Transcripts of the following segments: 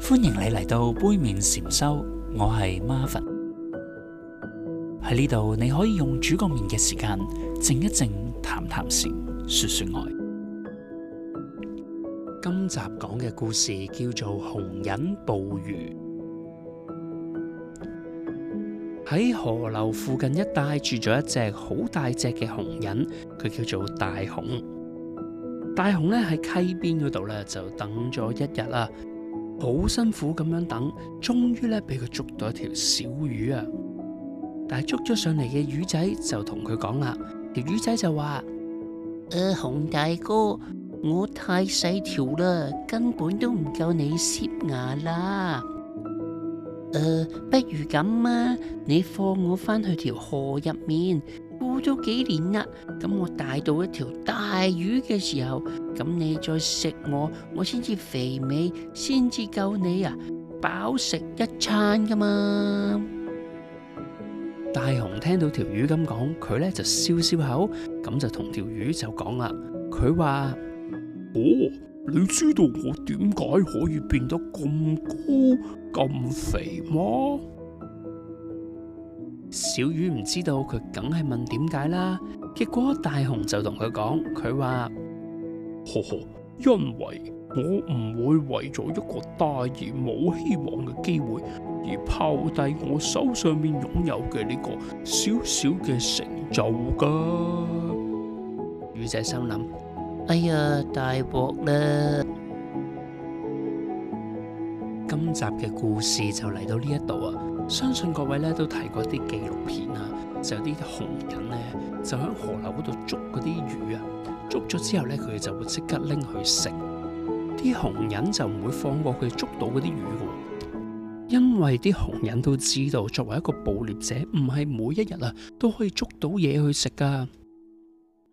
歡迎你嚟到杯麵禪修，我係 Marvin 喺呢度，你可以用煮個麵嘅時間靜一靜，談談禪，說說愛。今集講嘅故事叫做熊人捕魚。喺河流附近一帶住咗一隻好大隻嘅熊人，佢叫做大熊。大熊咧喺溪邊嗰度咧就等咗一日啦。好辛苦咁樣等，終於咧俾佢捉到一條小魚啊！但係捉咗上嚟嘅魚仔就同佢講啦，條魚仔就話：，誒、呃，熊大哥，我太細條啦，根本都唔夠你攝牙啦。誒、呃，不如咁啊，你放我返去條河入面。咗幾年啦，咁我大到一條大魚嘅時候，咁你再食我，我先至肥美，先至夠你啊，飽食一餐噶嘛！大熊聽到條魚咁講，佢呢就笑笑口，咁就同條魚就講啦。佢話：，哦，你知道我點解可以變得咁高咁肥嘛？小魚唔知道，佢梗係問點解啦。結果大熊就同佢講，佢話：，呵呵，因為我唔會為咗一個大而冇希望嘅機會，而拋低我手上面擁有嘅呢個小小嘅成就噶魚仔心諗：，哎呀，大鑊啦。今集嘅故事就嚟到呢一度啊！相信各位咧都睇過啲紀錄片啊，就有啲熊人咧就喺河流嗰度捉嗰啲魚啊，捉咗之後咧佢哋就會即刻拎去食。啲熊人就唔會放過佢捉到嗰啲魚噶，因為啲熊人都知道作為一個捕獵者，唔係每一日啊都可以捉到嘢去食噶。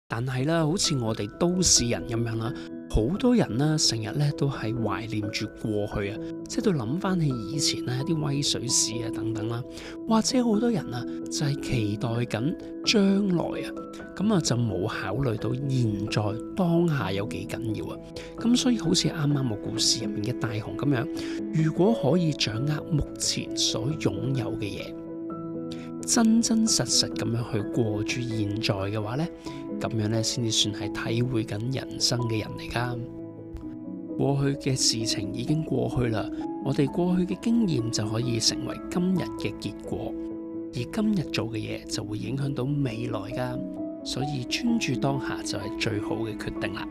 但係啦，好似我哋都市人咁樣啦。好多人、啊、呢，成日咧都係懷念住過去啊，即係都諗翻起以前、啊、一啲威水史啊等等啦、啊。或者好多人啊，就係、是、期待緊將來啊，咁啊就冇考慮到現在當下有幾緊要啊。咁所以好似啱啱個故事入面嘅大熊咁樣，如果可以掌握目前所擁有嘅嘢，真真實實咁樣去過住現在嘅話呢。咁樣咧，先至算係體會緊人生嘅人嚟噶。過去嘅事情已經過去啦，我哋過去嘅經驗就可以成為今日嘅結果，而今日做嘅嘢就會影響到未來噶。所以專注當下就係最好嘅決定啦。